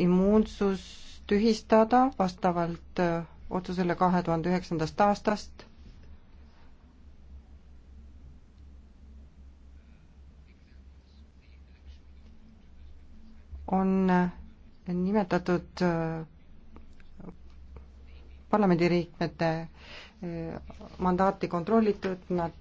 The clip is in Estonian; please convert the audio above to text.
immuunsus tühistada vastavalt äh, otsusele kahe tuhande üheksandast aastast. on äh, nimetatud äh, parlamendiriikmete mandaati kontrollitud, nad